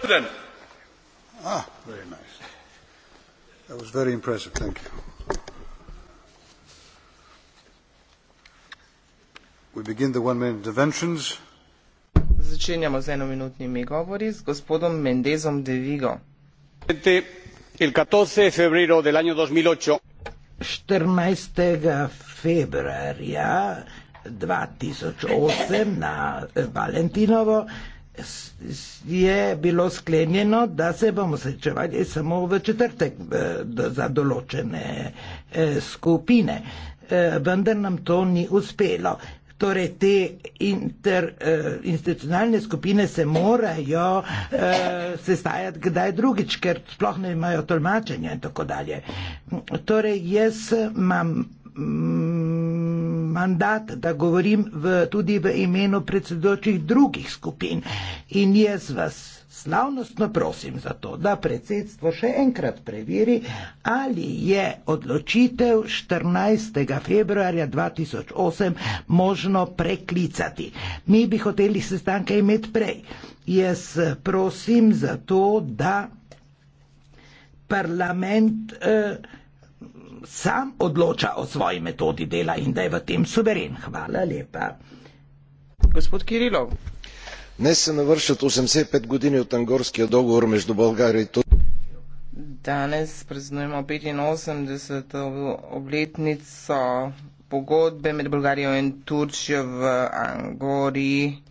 president. Ah, very nice. That was very impressive. Thank you. We begin the one minute interventions. Začenjamo z enominutnimi govori z gospodom Mendezom de Vigo. 14. februarja 2008 na Valentinovo je bilo sklenjeno, da se bomo srečevali samo v četrtek za določene e, skupine. E, vendar nam to ni uspelo. Torej, te interinstitucionalne e, skupine se morajo eh, sestajati kdaj drugič, ker sploh ne imajo tolmačenja in tako dalje. Torej, jaz imam. Mm, mandat, da govorim v, tudi v imenu predsedočih drugih skupin. In jaz vas slavnostno prosim za to, da predsedstvo še enkrat preveri, ali je odločitev 14. februarja 2008 možno preklicati. Mi bi hoteli sestanke imeti prej. Jaz prosim za to, da parlament. Eh, sam odloča o svoji metodi dela in da je v tem suveren. Hvala lepa. Gospod Kirilov. Danes se navrša 85 godin od Angorskega dogovora med Bolgarijo in Turčijo. Danes praznujemo 85. obletnico pogodbe med Bolgarijo in Turčijo v Angoriji.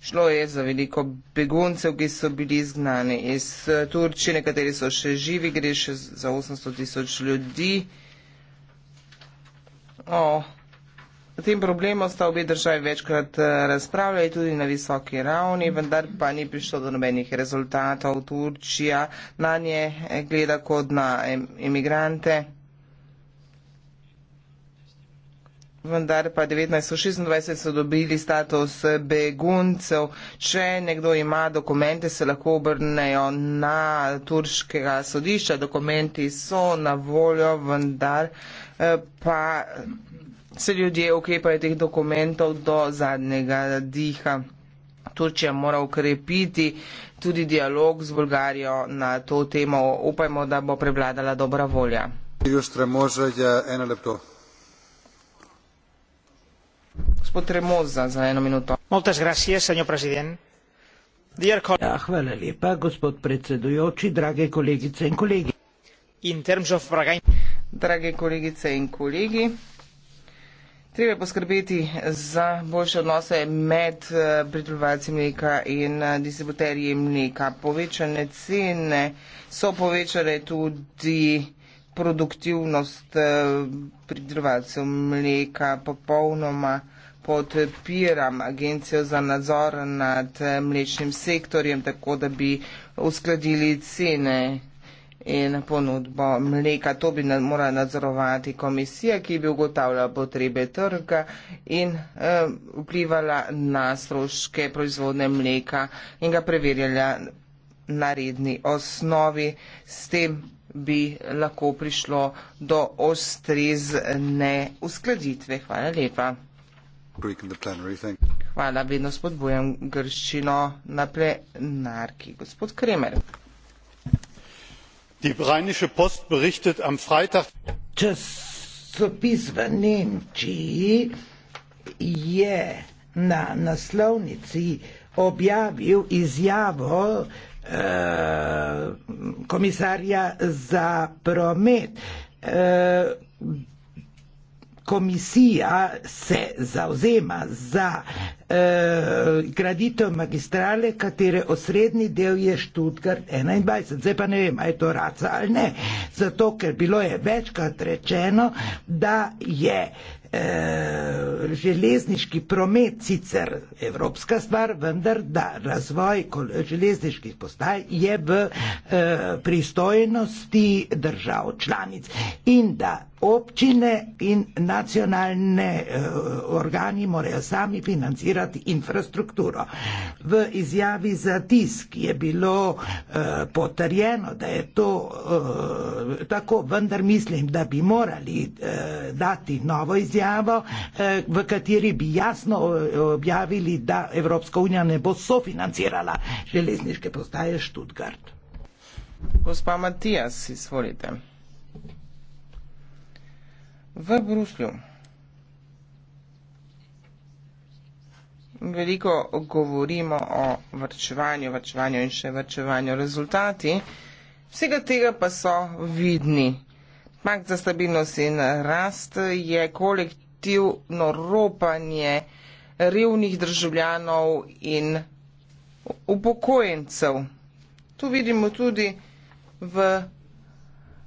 Šlo je za veliko beguncev, ki so bili izgnani iz eh, Turčije, nekateri so še živi, gre še za 800 tisoč ljudi. O tem problemu sta obe državi večkrat eh, razpravljali tudi na visoki ravni, vendar pa ni prišlo do nobenih rezultatov. Turčija na nje eh, gleda kot na emigrante. vendar pa 1926 so dobili status beguncev. Če nekdo ima dokumente, se lahko obrnejo na turškega sodišča. Dokumenti so na voljo, vendar eh, pa se ljudje ukrepajo teh dokumentov do zadnjega diha. Turčija mora ukrepiti tudi dialog z Bolgarijo na to temo. Upajmo, da bo prevladala dobra volja. Jutre možno je ja, eno lepo. Ja, hvala lepa, gospod predsedujoči, drage kolegice in kolegi. Drage kolegice in kolegi, treba je poskrbeti za boljše odnose med eh, pridelovalci mleka in eh, distributerji mleka. Povečane cene so povečale tudi produktivnost eh, pridrovalcev mleka popolnoma podpiram Agencijo za nadzor nad eh, mlečnim sektorjem, tako da bi uskladili cene in ponudbo mleka. To bi nad, morala nadzorovati komisija, ki bi ugotavljala potrebe trga in eh, vplivala na stroške proizvodne mleka in ga preverjala na redni osnovi. S tem bi lahko prišlo do ostrezne uskladitve. Hvala lepa. Hvala, vedno spodbujam grščino na plenarki. Gospod Kremer. Časopis v Nemčiji je na naslovnici objavil izjavo Eh, komisarja za promet. Eh, komisija se zauzema za eh, graditev magistrale, katere osrednji del je Študgard 21. Zdaj pa ne vem, ali je to raca ali ne. Zato, ker bilo je večkrat rečeno, da je Eh, železniški promet sicer evropska stvar, vendar da razvoj železniških postaj je v e, pristojnosti držav članic in da občine in nacionalne eh, organi morajo sami financirati infrastrukturo. V izjavi za tisk je bilo eh, potrjeno, da je to eh, tako, vendar mislim, da bi morali dati novo izjavo, v kateri bi jasno objavili, da Evropska unija ne bo sofinancirala železniške postaje Študgard. Gospa Matijas, izvolite v Bruslju. Veliko govorimo o vrčevanju, vrčevanju in še vrčevanju. Rezultati vsega tega pa so vidni. Pakt za stabilnost in rast je kolektivno ropanje revnih državljanov in upokojencev. Tu vidimo tudi v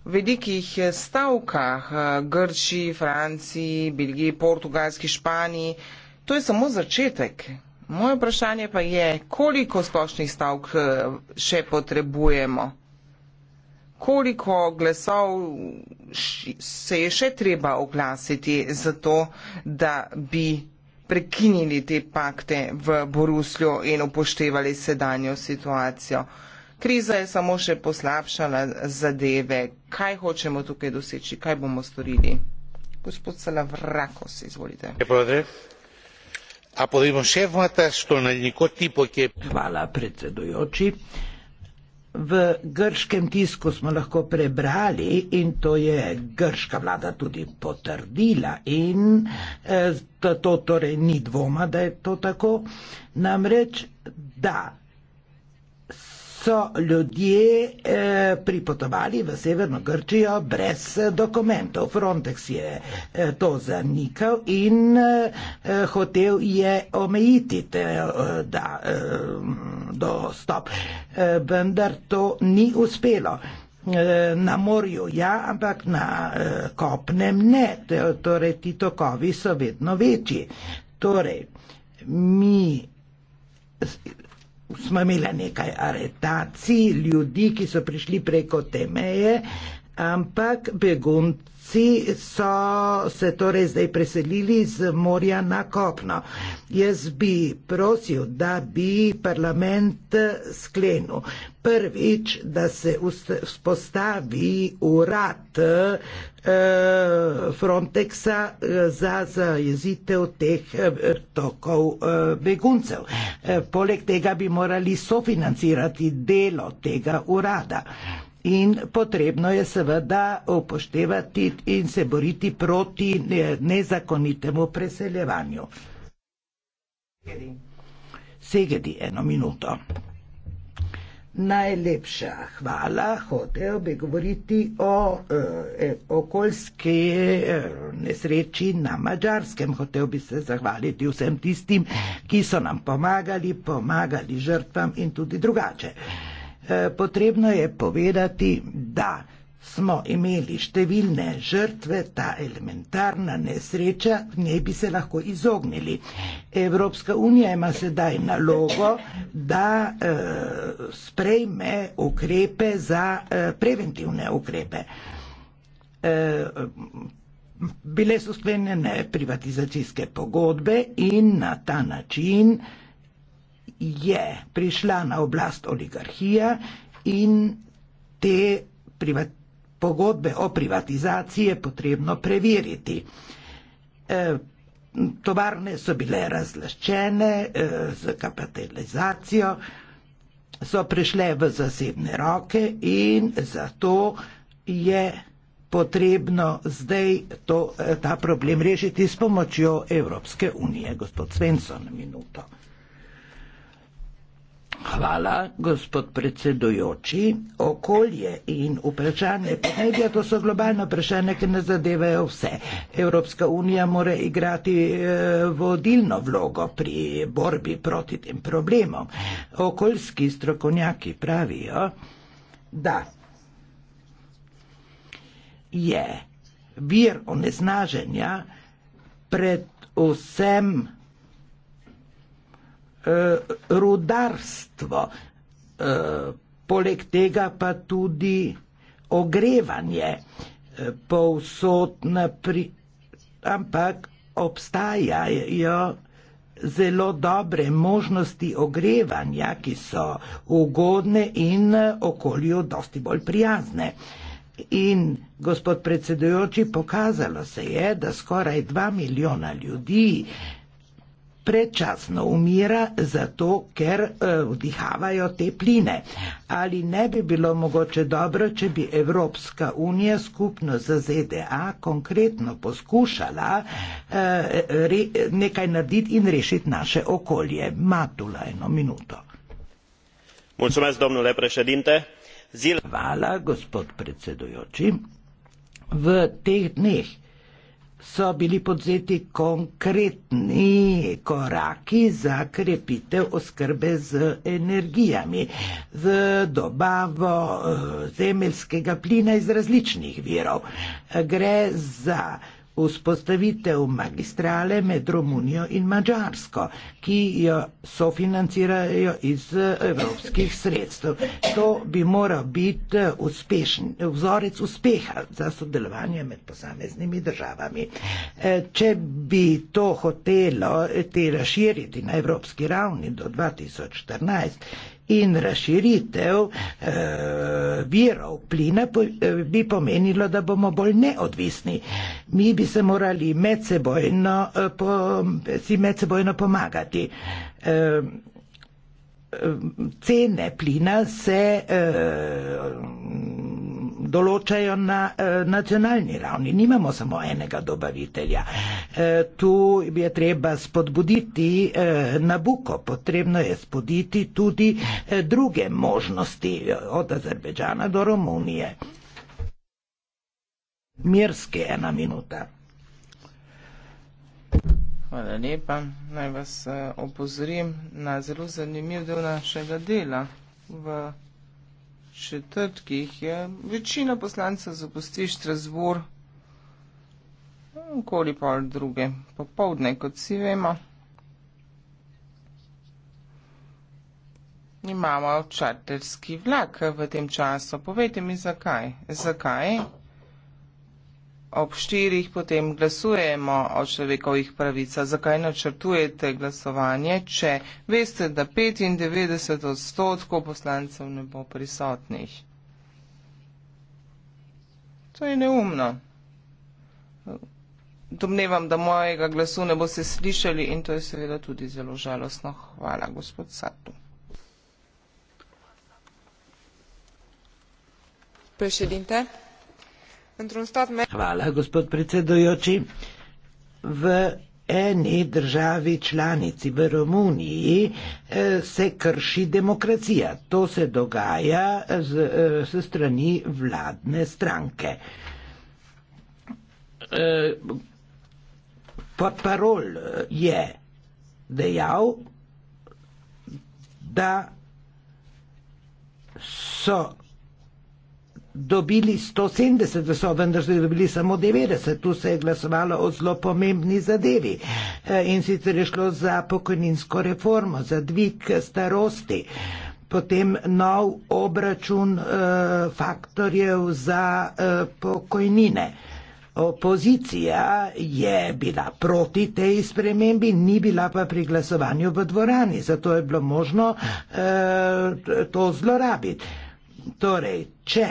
velikih eh, stavkah eh, Grči, Franciji, Belgiji, Portugalski, Španiji. To je samo začetek. Moje vprašanje pa je, koliko splošnih stavk eh, še potrebujemo? Koliko glasov se je še treba oglasiti za to, da bi prekinili te pakte v Boruslju in upoštevali sedanjo situacijo? Kriza je samo še poslabšala zadeve. Kaj hočemo tukaj doseči? Kaj bomo storili? Gospod Salavrakos, izvolite. Hvala, predsedujoči. V grškem tisku smo lahko prebrali in to je grška vlada tudi potrdila in e, to torej ni dvoma, da je to tako. Namreč, da so ljudje eh, pripotovali v Severno Grčijo brez dokumentov. Frontex je eh, to zanikal in eh, hotel je omejiti te, eh, da, eh, dostop, eh, vendar to ni uspelo. Eh, na morju ja, ampak na eh, kopnem ne, torej ti tokovi so vedno večji. Torej, mi smo imeli nekaj aretacij, ljudi, ki so prišli preko te meje, ampak begunci. Slovenci so se torej zdaj preselili z morja na kopno. Jaz bi prosil, da bi parlament sklenil. Prvič, da se vzpostavi urad eh, Frontexa eh, za zajezitev teh eh, tokov beguncev. Poleg tega bi morali sofinancirati delo tega urada. In potrebno je seveda upoštevati in se boriti proti nezakonitemu preseljevanju. Segedi eno minuto. Najlepša hvala. Hotel bi govoriti o eh, okoljski eh, nesreči na mačarskem. Hotel bi se zahvaliti vsem tistim, ki so nam pomagali, pomagali žrtvam in tudi drugače. Eh, Eh, potrebno je povedati, da smo imeli številne žrtve, ta elementarna nesreča, v njej bi se lahko izognili. Evropska unija ima sedaj nalogo, da eh, sprejme ukrepe za eh, preventivne ukrepe. Eh, Bile so sklenjene privatizacijske pogodbe in na ta način eh, je prišla na oblast oligarhija in te privat, pogodbe o privatizaciji je potrebno preveriti. E, tovarne so bile razlaščene e, z kapitalizacijo, so prišle v zasebne roke in zato je potrebno zdaj to, e, ta problem rešiti s pomočjo Evropske unije. Gospod Svensson, minuto. Hvala, gospod predsedujoči. Okolje in vprašanje podnebja, to so globalno vprašanje, ki ne zadevajo vse. Evropska unija mora igrati eh, vodilno vlogo pri borbi proti tem problemom. Okoljski strokovnjaki pravijo, da je vir oneznaženja pred vsem Eh, rudarstvo, eh, poleg tega pa tudi ogrevanje, eh, povsod napri, ampak obstajajo zelo dobre možnosti ogrevanja, ki so ugodne in okolju dosti bolj prijazne. In, gospod predsedujoči, pokazalo se je, da skoraj dva milijona ljudi predčasno umira, zato ker eh, vdihavajo te pline. Ali ne bi bilo mogoče dobro, če bi Evropska unija skupno z ZDA konkretno poskušala eh, nekaj narediti in rešiti naše okolje? Matula, eno minuto. Hvala, gospod predsedujoči. V teh dneh so bili podzeti konkretni koraki za krepitev oskrbe z energijami, z dobavo eh, zemeljskega plina iz različnih virov. Gre za vzpostavitev magistrale med Romunijo in Mačarsko, ki jo sofinancirajo iz evropskih sredstev. To bi moral biti uspešen, vzorec uspeha za sodelovanje med posameznimi državami. E, če bi to hotelo te razširiti na evropski ravni do 2014, in razširitev eh, virov plina po, eh, bi pomenilo, da bomo bolj neodvisni. Mi bi se morali medsebojno, eh, po, si medsebojno pomagati. Eh, eh cene plina se. Eh, določajo na eh, nacionalni ravni. Nimamo samo enega dobavitelja. Eh, tu je treba spodbuditi eh, Nabuko, potrebno je spodbuditi tudi eh, druge možnosti eh, od Azerbejdžana do Romunije. Mirske ena minuta. Hvala lepa. Naj vas eh, opozorim na zelo zanimiv del našega dela v četrtkih je večina poslancev zapusti Štrasbur okoli pol druge popovdne, kot si vemo. Imamo čarterski vlak v tem času. Povejte mi, zakaj? Zakaj? ob štirih potem glasujemo o človekovih pravicah. Zakaj načrtujete glasovanje, če veste, da 95 odstotkov poslancev ne bo prisotnih? To je neumno. Domnevam, da mojega glasu ne boste slišali in to je seveda tudi zelo žalostno. Hvala, gospod Satu. Prešedite într-un stat mai... Hvala, gospod predsedujoči. V eni državi članici, v Romuniji, eh, se krši demokracija. To se dogaja z, z eh, strani vladne stranke. Eh, pa parol je dejal, da so dobili 170 glasov, vendar so dobili samo 90. Tu se je glasovalo o zelo pomembni zadevi. Eh, in sicer je šlo za pokojninsko reformo, za dvig starosti, potem nov obračun eh, faktorjev za eh, pokojnine. Opozicija je bila proti tej spremembi, ni bila pa pri glasovanju v dvorani, zato je bilo možno eh, to zlorabiti. Torej, če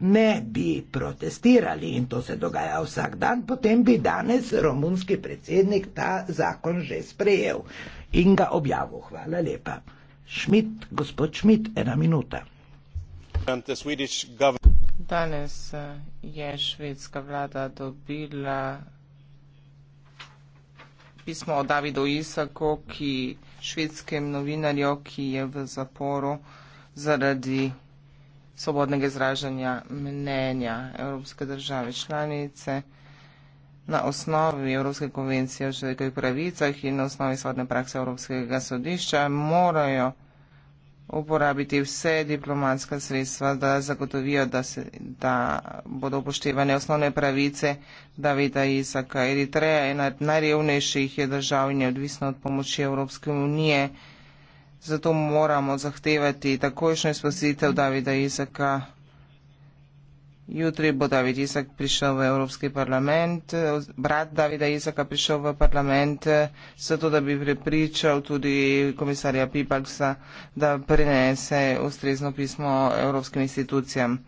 ne bi protestirali in to se dogaja vsak dan, potem bi danes romunski predsednik ta zakon že sprejel in ga objavil. Hvala lepa. Šmit, gospod Šmit, ena minuta. Danes eh, je švedska vlada dobila pismo od Davida Isako, ki švedskem novinarju, ki je v zaporu zaradi svobodnega izražanja mnenja Evropske države članice na osnovi Evropske konvencije o človekovih pravicah in na osnovi svobodne prakse Evropskega sodišča morajo uporabiti vse diplomatska sredstva, da zagotovijo, da, se, da bodo upoštevane osnovne pravice Davida Isaka. Eritreja je ena najrevnejših držav in je odvisna od pomoči Evropske unije. Zato moramo zahtevati takojšnjo izpustitev Davida Izaka. Jutri bo David Izak prišel v Evropski parlament, brat Davida Izaka prišel v parlament, zato da bi prepričal tudi komisarja Pipaksa, da prenese ustrezno pismo Evropskim institucijam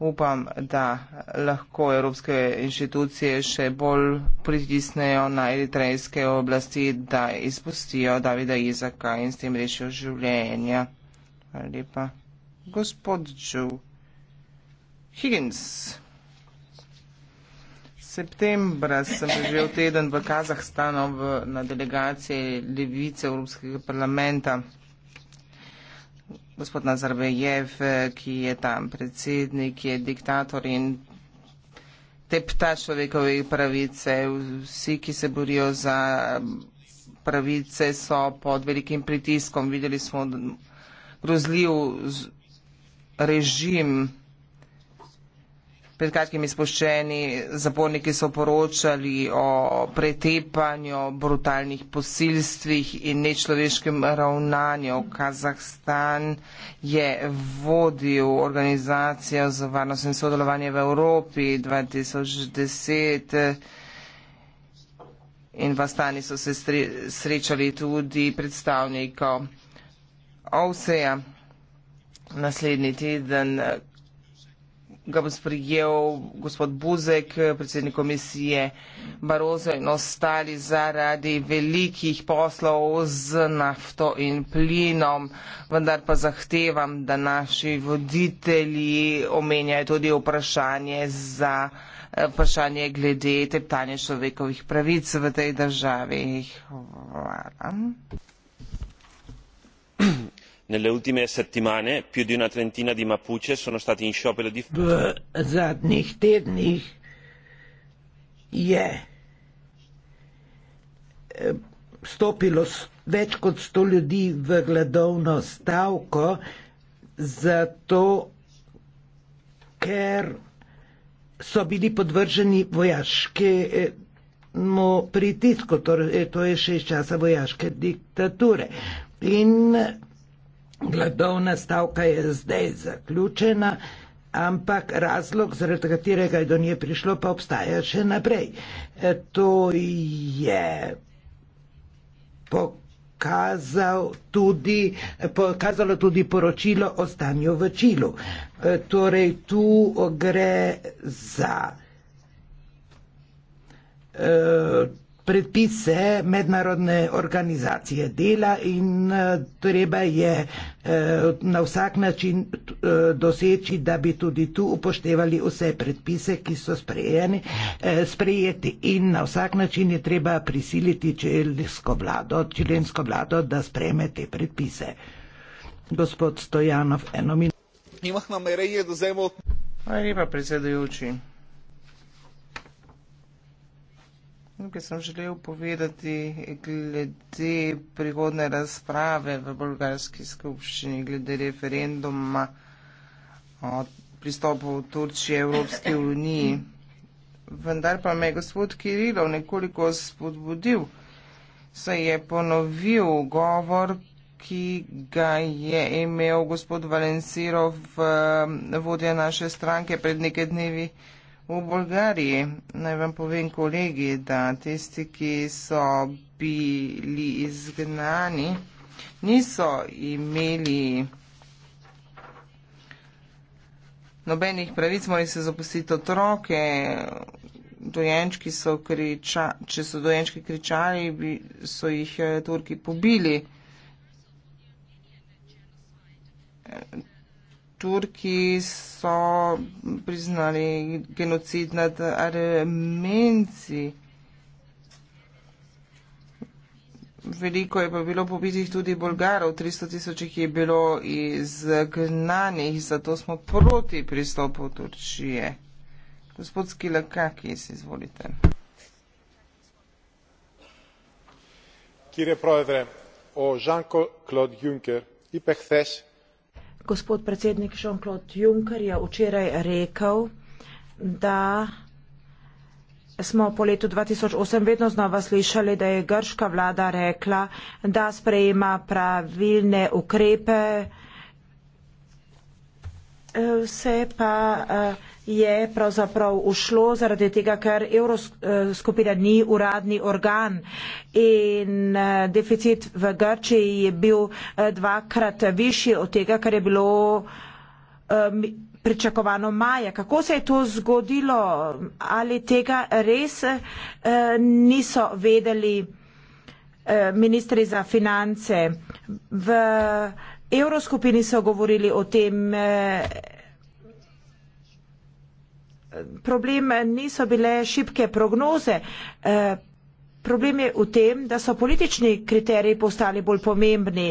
upam, da lahko evropske inštitucije še bolj pritisnejo na eritrejske oblasti, da izpustijo Davida Izaka in s tem rešijo življenja. Hvala lepa. Gospod Joe Higgins. Septembra sem preživel teden v Kazahstanu v, na delegaciji Levice Evropskega parlamenta gospod Nazarbejev, ki je tam predsednik, je diktator in tepta človekove pravice. Vsi, ki se borijo za pravice, so pod velikim pritiskom. Videli smo grozljiv režim. Pred kratkimi spoščeni zaporniki so poročali o pretepanju, brutalnih posilstvih in nečloveškem ravnanju. Kazahstan je vodil organizacijo za varnost in sodelovanje v Evropi 2010. In v Astani so se srečali tudi predstavnikov OVSE-a. Naslednji teden ga bo sprijel gospod Buzek, predsednik komisije Barozo in ostali zaradi velikih poslov z nafto in plinom. Vendar pa zahtevam, da naši voditelji omenjajo tudi vprašanje za vprašanje glede teptanja človekovih pravic v tej državi. Hvala nelle ultime settimane più di una trentina di mapuche sono stati in sciopero di fame eh, stopilo več kot sto ljudi v gladovno stavko, zato ker so bili podvrženi vojaškemu pritisku, torej to je še iz časa vojaške diktature. In gladovna stavka je zdaj zaključena, ampak razlog, zaradi katerega je do nje prišlo, pa obstaja še naprej. E, to je pokazal tudi, pokazalo tudi poročilo o stanju v Čilu. E, torej, tu gre za e, predpise mednarodne organizacije dela in eh, treba je eh, na vsak način eh, doseči, da bi tudi tu upoštevali vse predpise, ki so sprejeni, sprejeti in na vsak način je treba prisiliti čilensko vlado, čilensko vlado, da spreme te predpise. Gospod Stojanov, eno minuto. Nimam namere, je dozemo. Hvala lepa, predsedujoči. Nekaj sem želel povedati glede prihodne razprave v bolgarski skupščini, glede referenduma o pristopu Turčije Evropske unije. Vendar pa me je gospod Kirilov nekoliko spodbudil, saj je ponovil govor, ki ga je imel gospod Valencirov, vodja naše stranke, pred nekaj dnevi. V Bolgariji, naj vam povem kolegi, da tisti, ki so bili izgnani, niso imeli nobenih pravic, morali se zapustiti otroke, dojenčki so kriča, če so dojenčki kričali, bi, so jih eh, Turki pobili. Turki so priznali genocid nad Armenci. Veliko je pa bilo pobitih tudi Bolgarov, 300 tisoč jih je bilo izgnanih, zato smo proti pristopu Turčije. Gospod Skilakakis, izvolite. Kire Prodre, o Žanko Klod Juncker, ipek thes Gospod predsednik Jean-Claude Juncker je včeraj rekel, da smo po letu 2008 vedno znova slišali, da je grška vlada rekla, da sprejema pravilne ukrepe, se pa eh, je pravzaprav ušlo zaradi tega, ker Evroskupina ni uradni organ in eh, deficit v Grčiji je bil eh, dvakrat višji od tega, kar je bilo eh, pričakovano maja. Kako se je to zgodilo? Ali tega res niso vedeli ministri za finance? V Evroskupini so govorili o tem, problem niso bile šibke prognoze. Eh, problem je v tem, da so politični kriteriji postali bolj pomembni.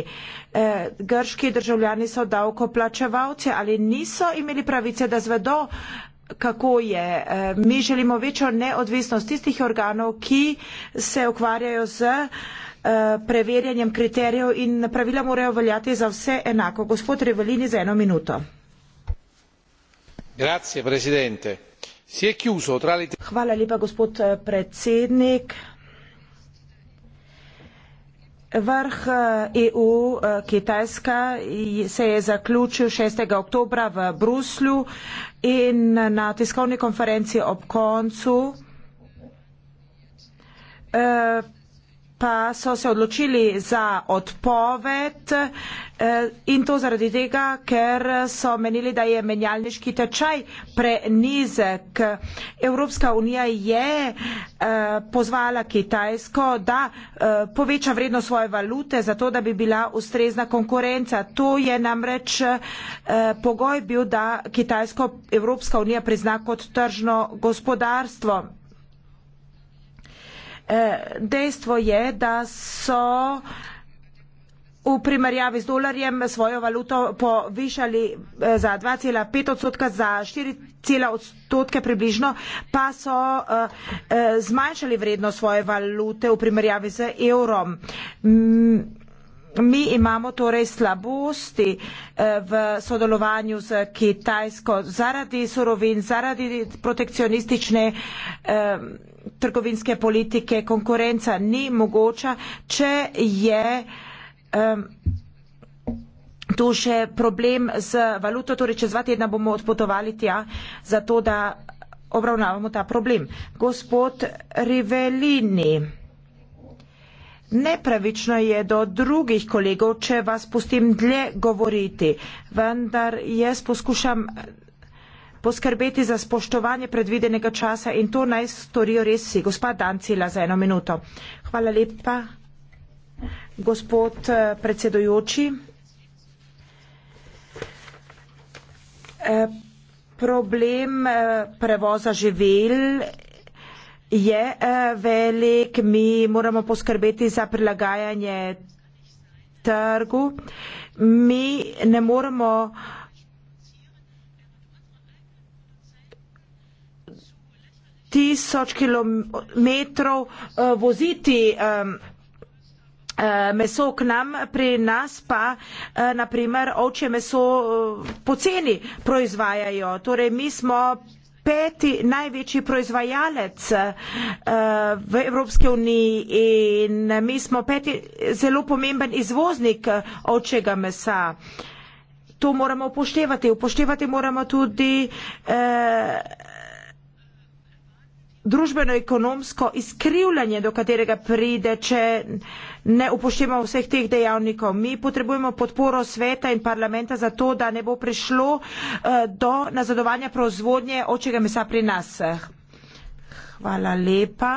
Eh, grški državljani so davkoplačevalci ali niso imeli pravice, da zvedo, kako je. Eh, mi želimo večjo neodvisnost tistih organov, ki se ukvarjajo z preverjanjem kriterijev in pravila morajo veljati za vse enako. Gospod Revelini za eno minuto. Grazie, presidente si je chiuso tra le. Hvala lepa, gospod eh, predsednik. Vrh EU eh, e eh, Kitajska se je zaključil 6. oktobra v Bruslju in na tiskovni konferenci ob koncu. Uh, pa so se odločili za odpoved eh, in to zaradi tega, ker so menili, da je menjalniški tečaj prenizek. Evropska unija je eh, pozvala Kitajsko, da eh, poveča vredno svoje valute, zato da bi bila ustrezna konkurenca. To je namreč pogoj bil, da Kitajsko Evropska unija prizna kot tržno gospodarstvo dejstvo je, da so v primerjavi z dolarjem svojo valuto povišali eh, za 2,5 odstotka, za 4,5 odstotke približno, pa so eh, eh, zmanjšali vredno svoje valute v primerjavi z evrom. Mi imamo torej slabosti v sodelovanju z Kitajsko zaradi surovin, zaradi protekcionistične trgovinske politike konkurenca ni mogoča, če je um, tu še problem z valuto, torej čez dva tedna bomo odpotovali tja, zato da obravnavamo ta problem. Gospod Rivelini, nepravično je do drugih kolegov, če vas pustim dlje govoriti, vendar jaz poskušam poskrbeti za spoštovanje predvidenega časa in to naj storijo res vsi. Gospa Dancila za eno minuto. Hvala lepa, gospod eh, predsedojoči. Eh, problem eh, prevoza živel je velik, mi moramo poskrbeti za prilagajanje trgu. Mi ne moremo uh, tisoč kilometrov uh, voziti um, uh, meso k nam, pri nas pa uh, eh, naprimer ovče meso uh, poceni proizvajajo. Torej, mi smo peti največji proizvajalec uh, v Evropske uniji in mi smo peti zelo pomemben izvoznik uh, ovčega mesa. To moramo upoštevati. Upoštevati moramo tudi uh, družbeno-ekonomsko izkrivljanje, do katerega pride, če ne upoštevamo vseh teh dejavnikov. Mi potrebujemo podporo sveta in parlamenta za to, da ne bo prišlo eh, do nazadovanja proizvodnje očega mesa pri nas. Hvala lepa.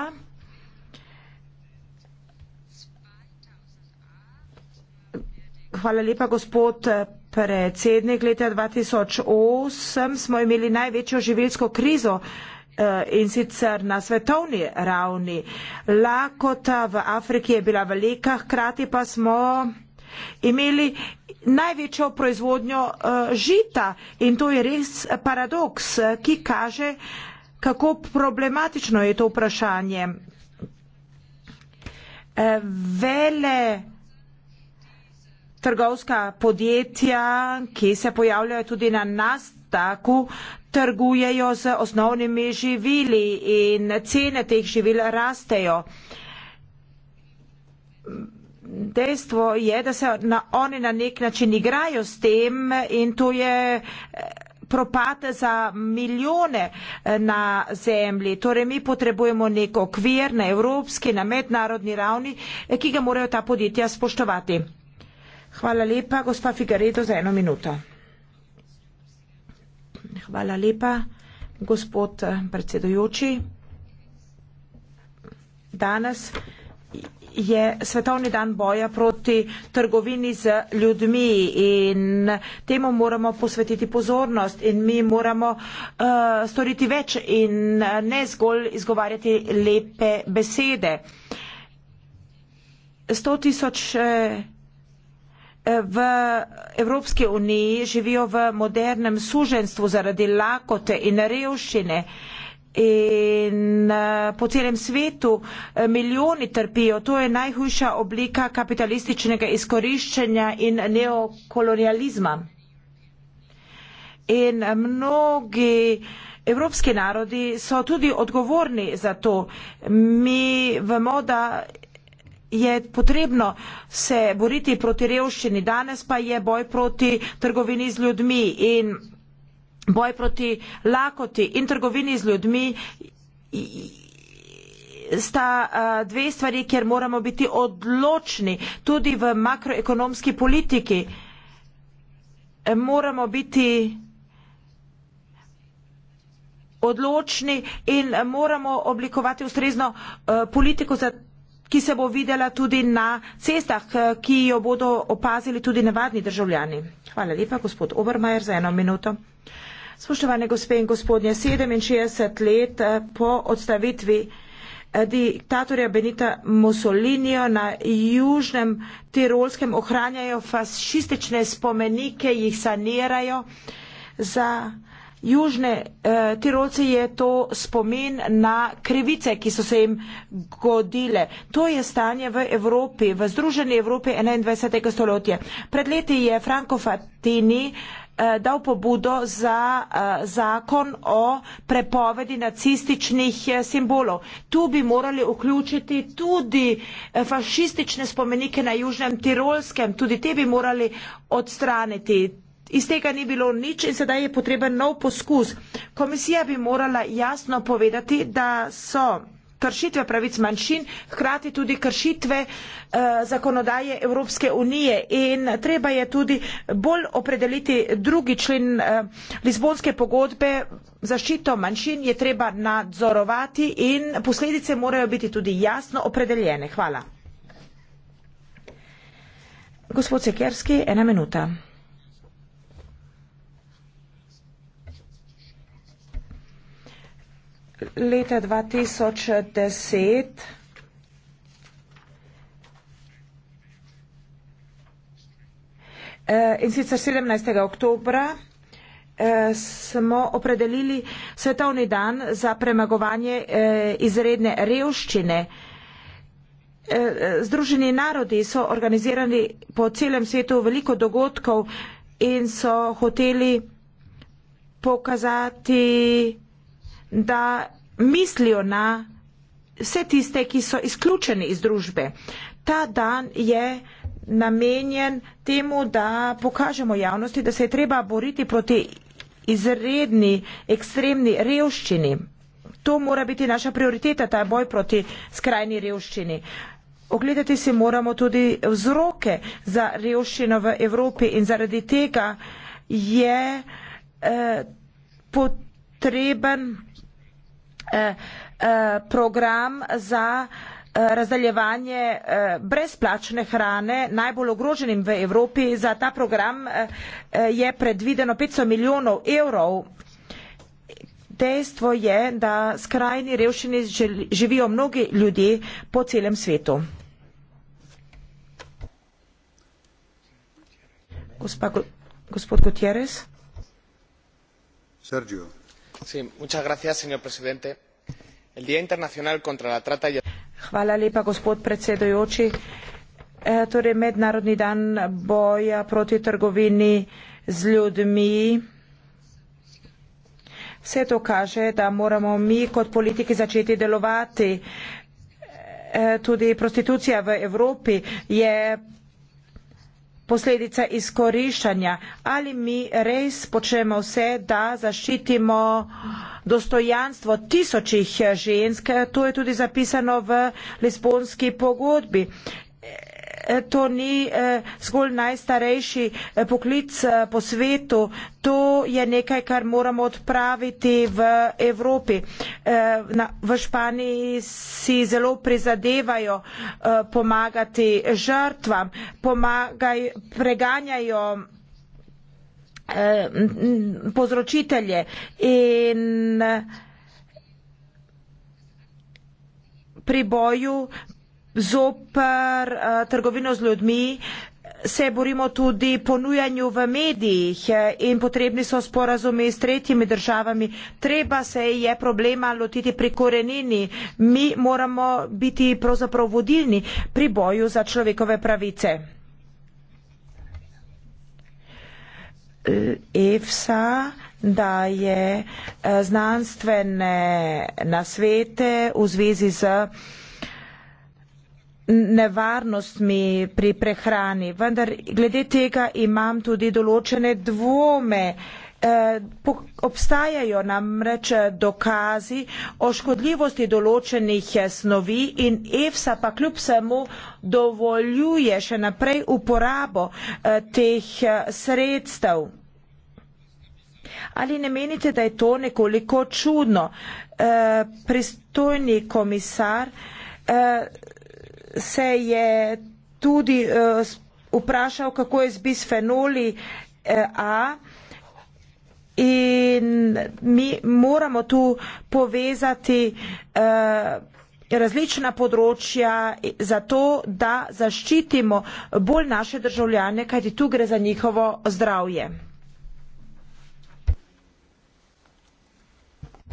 Hvala lepa, gospod eh, predsednik. Leta 2008 smo imeli največjo živilsko krizo. Eh, in sicer na svetovni ravni. Lakota v Afriki je bila velika, hkrati pa smo imeli največjo proizvodnjo eh, žita in to je res paradoks, ki kaže, kako problematično je to vprašanje. Eh, vele trgovska podjetja, ki se pojavljajo tudi na nas, taku trgujejo z osnovnimi živili in cene teh živil rastejo. Dejstvo je, da se na, oni na nek način igrajo s tem in to je eh, propade za milijone eh, na zemlji. Torej mi potrebujemo nek okvir na evropski, na mednarodni ravni, eh, ki ga morajo ta podjetja spoštovati. Hvala lepa, gospa Figaredo, za eno minuto. Hvala lepa, gospod eh, predsedujoči. Danes je svetovni dan boja proti trgovini z ljudmi in temu moramo posvetiti pozornost in mi moramo uh, storiti več in eh, ne zgolj izgovarjati lepe besede. 100 tisoč v Evropski uniji živijo v modernem suženstvu zaradi lakote in revščine. In eh, po celem svetu eh, milijoni trpijo. To je najhujša oblika kapitalističnega izkoriščenja in neokolonializma. In eh, mnogi evropski narodi so tudi odgovorni za to. Mi vemo, da je potrebno se boriti proti revščini, danes pa je boj proti trgovini z ljudmi in boj proti lakoti in trgovini z ljudmi sta dve stvari, kjer moramo biti odločni tudi v makroekonomski politiki. Moramo biti odločni in moramo oblikovati ustrezno politiko za trgovino ki se bo videla tudi na cestah, eh, ki jo bodo opazili tudi nevadni državljani. Hvala lepa, gospod Obermajer, za eno minuto. Spoštovane gospe in gospodje, 67 let eh, po odstavitvi eh, diktatorja Benita Mussolinija na južnem Tirolskem ohranjajo fašistične spomenike, jih sanirajo za. Južne eh, Tirolce je to spomin na krivice, ki so se jim godile. To je stanje v Evropi, v Združeni Evropi 21. stoletja. Pred leti je Franco Fatini eh, dal pobudo za eh, zakon o prepovedi nacističnih eh, simbolov. Tu bi morali vključiti tudi eh, fašistične spomenike na Južnem Tirolskem, tudi te bi morali odstraniti. Iz tega ni bilo nič in sedaj je potreben nov poskus. Komisija bi morala jasno povedati, da so kršitve pravic manjšin, hkrati tudi kršitve eh, zakonodaje Evropske unije. In treba je tudi bolj opredeliti drugi člen eh, Lizbonske pogodbe. Zaščito manjšin je treba nadzorovati in posledice morajo biti tudi jasno opredeljene. Hvala. Gospod Sekerski, ena minuta. leta 2010 eh, in sicer 17. oktobra eh, smo opredelili svetovni dan za premagovanje eh, izredne revščine. Združeni narodi so organizirali po celem svetu veliko dogodkov in so hoteli pokazati da mislijo na vse tiste, ki so izključeni iz družbe. Ta dan je namenjen temu, da pokažemo javnosti, da se je treba boriti proti izredni, ekstremni revščini. To mora biti naša prioriteta, ta boj proti skrajni revščini. Ogledati si moramo tudi vzroke za revščino v Evropi in zaradi tega je eh, potreben Eh, eh, program za eh, razdaljevanje brezplačne hrane najbolj ogroženim v Evropi. Za ta program je predvideno 500 milijonov evrov. Dejstvo je, da skrajni revščini živijo mnogi ljudje po celem svetu. Gospa, gospod Gutierrez. Sergio señor presidente el día internacional contra la trata y Hvala lepa, gospod predsedujoči. E, torej, mednarodni dan boja proti trgovini z ljudmi. Vse to kaže, da moramo mi kot politiki začeti delovati. E, tudi prostitucija v Evropi je posledica izkoriščanja. Ali mi res počnemo vse, da zaščitimo dostojanstvo tisočih žensk, to je tudi zapisano v Lisbonski pogodbi. Eh, to ni eh, zgolj najstarejši eh, poklic po svetu, to je nekaj, kar moramo odpraviti v Evropi. V Španiji si zelo prizadevajo pomagati žrtvam, pomagaj, preganjajo povzročitelje in pri boju zoper uh, trgovino z ljudmi se borimo tudi ponujanju v medijih eh, in potrebni so sporazumi s tretjimi državami. Treba se je problema lotiti pri korenini. Mi moramo biti pravzaprav vodilni pri boju za človekove pravice. EFSA daje eh, znanstvene nasvete v zvezi z nevarnostmi pri prehrani, vendar glede tega imam tudi določene dvome. Eh, obstajajo namreč dokazi o škodljivosti določenih eh, snovi in EFSA pa kljub vsemu dovoljuje še naprej uporabo eh, teh sredstev. Ali ne menite, da je to nekoliko čudno? Pristojni komisar se je tudi eh, vprašal, kako je z bisfenoli eh, A. In mi moramo tu povezati eh, različna področja za to, da zaščitimo bolj naše državljane, kajti tu gre za njihovo zdravje.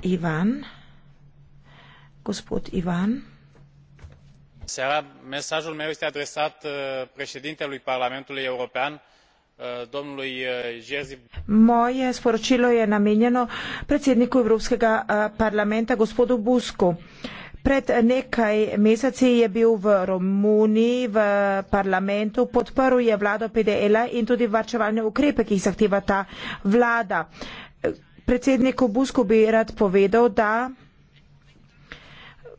Ivan, gospod Ivan seara mesajul meu este adresat uh, președintelui parlamentului european uh, domnului uh, jerzy moje sporočilo je namenjeno predsjedniku evropskega parlamenta gospodu busku pred nekaj meseci je bil v romuniji v parlamentu podprl je vlado pdl in tudi varčevalne ukrepe ki jih zahteva ta vlada predsedniku busku bi rad povedal da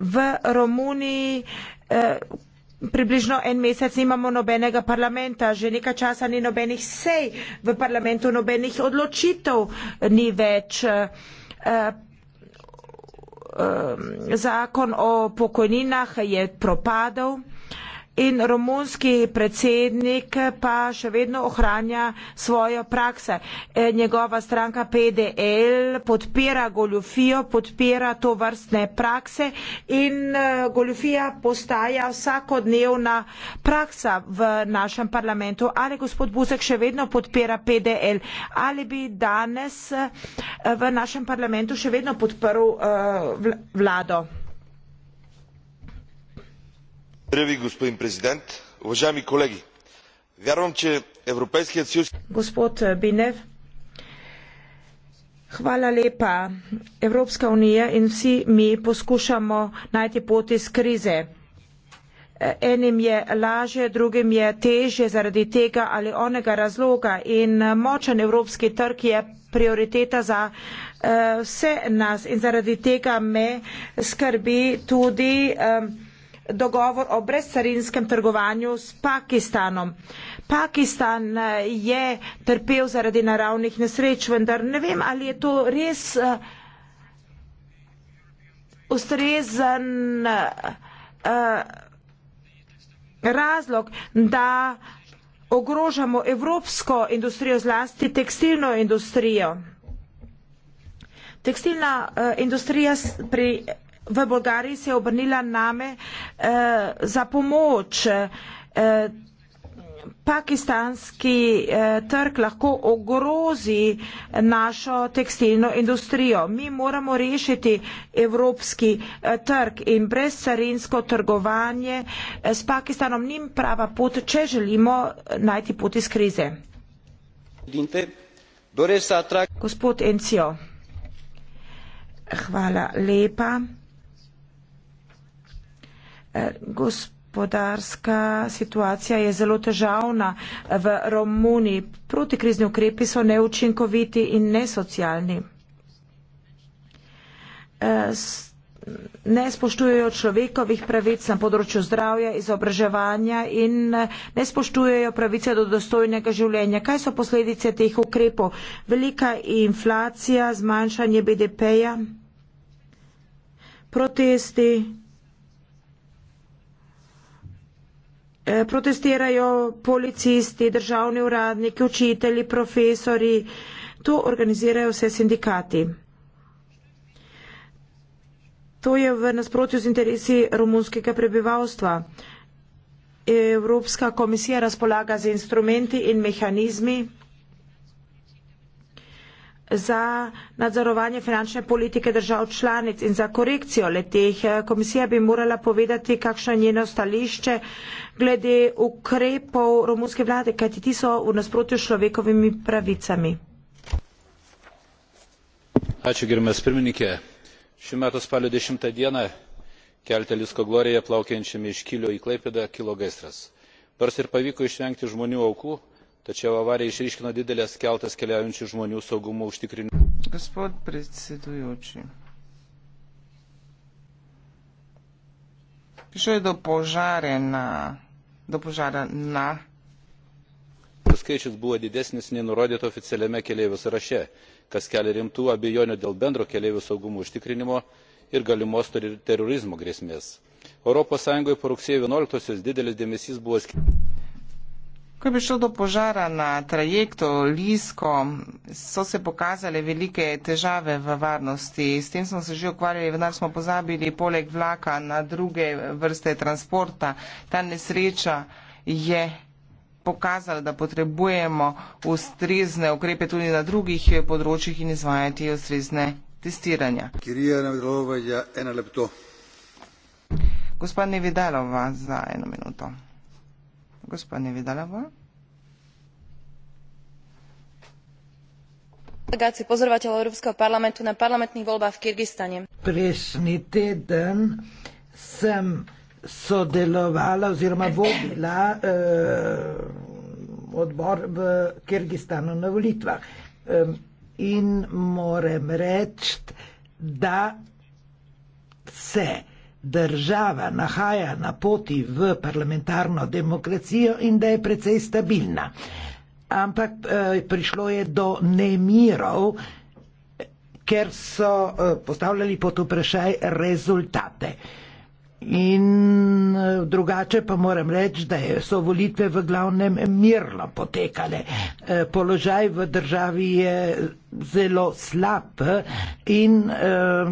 v romuniji Eh, približno en mesec nimamo nobenega parlamenta, že nekaj časa ni nobenih sej v parlamentu, nobenih odločitev ni več. Eh, eh, zakon o pokojninah je propadel in romunski predsednik pa še vedno ohranja svojo prakse. Njegova stranka PDL podpira goljufijo, podpira to vrstne prakse in e, goljufija postaja vsakodnevna praksa v našem parlamentu. Ali gospod Buzek še vedno podpira PDL? Ali bi danes e, v našem parlamentu še vedno podprl e, vlado? господин президент уважаеми колеги вярвам че европейският съюз. gospod binev hvala lepa evropska unija in vsi mi poskušamo najti pot iz krize enim je lažje drugim je težje zaradi tega ali onega razloga in močan evropski trg je prioriteta za vse nas in zaradi tega me skrbi tudi um, dogovor o brezcarinskem trgovanju s Pakistanom. Pakistan eh, je trpel zaradi naravnih nesreč, vendar ne vem, ali je to res eh, ustrezen eh, razlog, da ogrožamo evropsko industrijo zlasti tekstilno industrijo. Tekstilna industrija pri v Bolgariji se je obrnila name eh, za pomoč. Eh, Pakistanski eh, trg lahko ogrozi našo tekstilno industrijo. Mi moramo rešiti evropski eh, trg in brez carinsko trgovanje eh, s Pakistanom nim prava pot, če želimo najti pot iz krize. Gospod Encio, hvala lepa. Eh, gospodarska situacija je zelo težavna v Romuniji. Protikrizni ukrepi so neučinkoviti in nesocialni. Eh, ne spoštujejo človekovih pravic na področju zdravja, izobraževanja in eh, ne spoštujejo pravice do dostojnega življenja. Kaj so posledice teh ukrepov? Velika inflacija, zmanjšanje BDP-ja, protesti. protestirajo policisti, državni uradniki, učitelji, profesori. To organizirajo vse sindikati. To je v nasprotju z interesi romunskega prebivalstva. Evropska komisija razpolaga z instrumenti in mehanizmi, za nadzorovanje finančne politike držav članic in za korekcijo leteh. Komisija bi morala povedati, kakšno je njeno stališče glede ukrepov romunske vlade, kajti ti so v nasprotju s človekovimi pravicami. Ačiū, gerbiamas pirmininkė. Šiuo metu spalio 10 dieną keltė Lisko glorija plaukiančiame iškilio į Klaipėdą kilo gaisras. Nors ir pavyko išvengti žmonių aukų, tačiau avarija išryškino didelės keltas keliaujančių žmonių saugumo užtikrinimo. Gospod predsedujoči. Prišlo je do požare na, do požara na. Skaičius buvo didesnis nei nurodyta oficialiame keliaivių sąraše, kas kelia rimtų abejonių dėl bendro keliaivių saugumo užtikrinimo ir galimos terorizmo grėsmės. Europos Sąjungoje po rugsėjo 11-osios didelis dėmesys buvo skirtas. Ko je prišlo do požara na trajektu Lisko, so se pokazale velike težave v varnosti. S tem smo se že ukvarjali, vendar smo pozabili poleg vlaka na druge vrste transporta. Ta nesreča je pokazala, da potrebujemo ustrezne ukrepe tudi na drugih področjih in izvajati ustrezne testiranja. Gospod Nevidalova, za eno minuto. Gospa Nevidalova. Delegácii pozorovateľov Európskeho parlamentu na parlamentných voľbách v Kyrgyzstane. Prešný týden som sodelovala oziroma vodila eh, odbor v Kyrgyzstanu na no volitvah. Eh, in moram reči, da se eh, država nahaja na poti v parlamentarno demokracijo in da je precej stabilna. Ampak eh, prišlo je do nemirov, ker so eh, postavljali pod vprašaj rezultate. In eh, drugače pa moram reči, da so volitve v glavnem mirno potekale. Eh, položaj v državi je zelo slab eh, in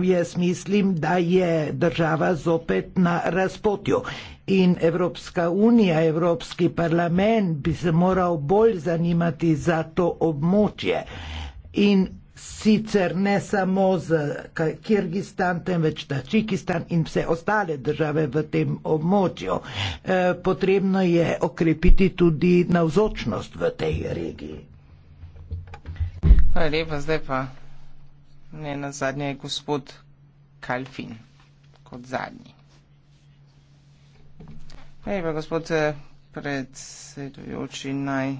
jaz mislim, da je država zopet na razpotju. In Evropska unija, Evropski parlament bi se moral bolj zanimati za to območje. In sicer ne samo z Kyrgyzstan, temveč Tačikistan in vse ostale države v tem območju. E, potrebno je okrepiti tudi navzočnost v tej regiji. Hvala lepa, zdaj pa ne na zadnje je gospod Kalfin kot zadnji. Hvala lepa, gospod eh, predsedujoči, naj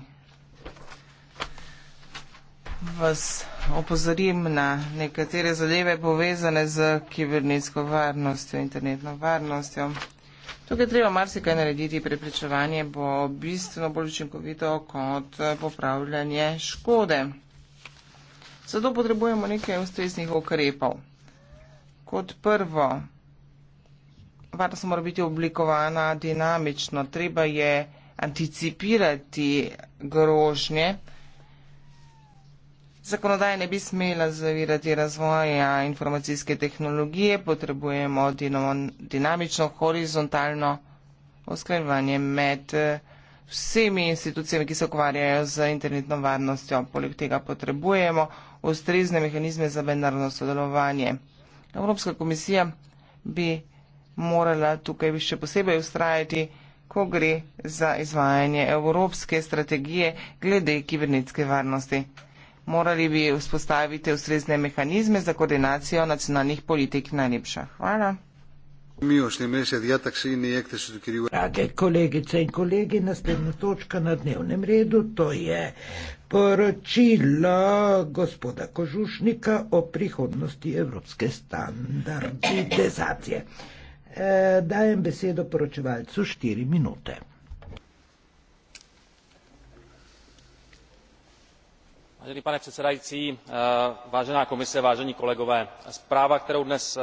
vas opozorim na nekatere zadeve povezane z kibernetsko varnostjo, internetno varnostjo. Tukaj treba marsikaj narediti, preprečevanje bo bistveno bolj učinkovito kot popravljanje škode. Zato potrebujemo nekaj ustreznih ukrepov. Kot prvo, varnost mora biti oblikovana dinamično, treba je anticipirati grožnje, Zakonodaj ne bi smela zavirati razvoja informacijske tehnologije, potrebujemo dinamično, horizontalno usklajevanje med eh, vsemi institucijami, ki se ukvarjajo z internetno varnostjo. Poleg tega potrebujemo ustrezne mehanizme za mednarodno sodelovanje. Evropska komisija bi morala tukaj še posebej ustrajati, ko gre za izvajanje evropske strategije glede kibernetske varnosti morali bi vzpostaviti ustrezne mehanizme za koordinacijo nacionalnih politik. Najlepša hvala. Drage kolegice in kolegi, naslednja točka na dnevnem redu to je poročilo gospoda Kožušnika o prihodnosti evropske standardizacije. Eh, dajem besedo poročevalcu 4 minute. pane předsedající eh, vážená komise vážení kolegové zpráva kterou dnes projednáváme eh, je velmi dobrá.